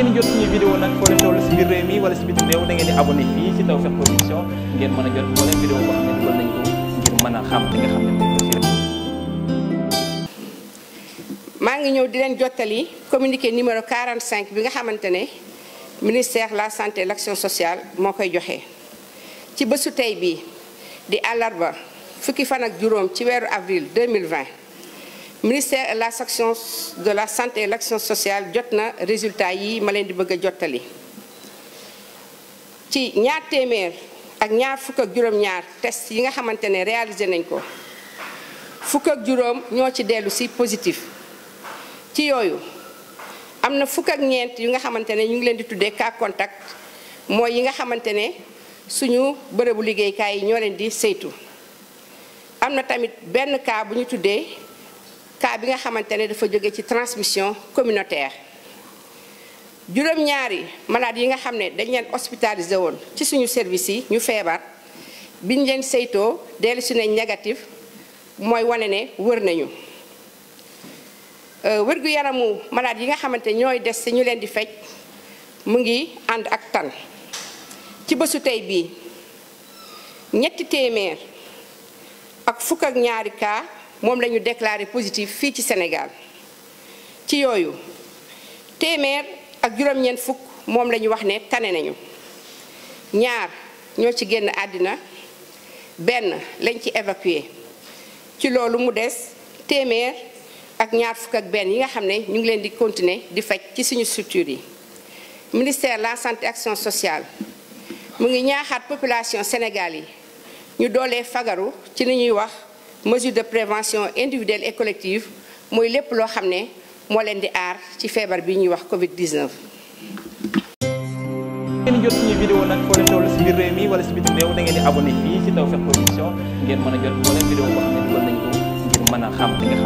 ngeen jot suñu vidéo nag foo a jot maa ngi ñëw di leen jottali communiqué numéro 45 bi nga xamante ne ministère la santé et l'action sociale moo koy joxe ci bésu tey bi di àllarba fukki fan ak juróom ci weeru avril 2020 ministère la section de la santé et l'action sociale jot na résultat yi ma leen di bëgg a jottali ci ñaar téeméer ak ñaar fukk ak juróom-ñaar test yi nga xamante ne réalisé nañ ko fukk ak juróom ñoo ci dellu si positif ci yooyu am na fukk ak ñeent yu nga xamante ne ñu ngi leen di tuddee cas contact mooy yi nga xamante ne suñu bërëbu liggéeykaay yi ñoo leen di saytu am na tamit benn cas bu ñu tuddee cas bi nga xamante ne dafa jóge ci transmission communautaire juróom-ñaari malade yi nga xam ne dañ leen hospitalisé woon ci suñu service yi ñu feebar biñ leen saytoo dellu si nañ négatif mooy wane ne wër nañu euh, wërgu yaramu malade yi nga xamante ñooy des si ñu leen di fej mu ngi ànd ak tan ci bésu tey bii ñetti téeméer ak fukk ak ñaari cas moom lañu déclaré positif fii ci Sénégal ci yooyu téeméer ak juróom-ñeent fukk moom la ñu wax ne tane nañu ñaar ñoo ci génn àddina benn lañ ci évacué ci loolu mu des téeméer ak ñaar fukk ak benn yi nga xam ne ñu ngi leen di continuer di faj ci suñu structure yi ministère la santé action sociale mu ngi ñaaxaat population Sénégal yi ñu doolee fagaru ci li ñuy wax mesure de prévention individuelle et collective mooy lépp loo xam ne moo leen di aar ci feebar bi ñuy wax Covid 19. ngeen jot suñu vidéo nag foo leen toll si biir réew mi wala si bitim réew da ngeen di abonné fii si Tawfekh Production ngeen mën a jot moo leen vidéo boo ngir mën a xam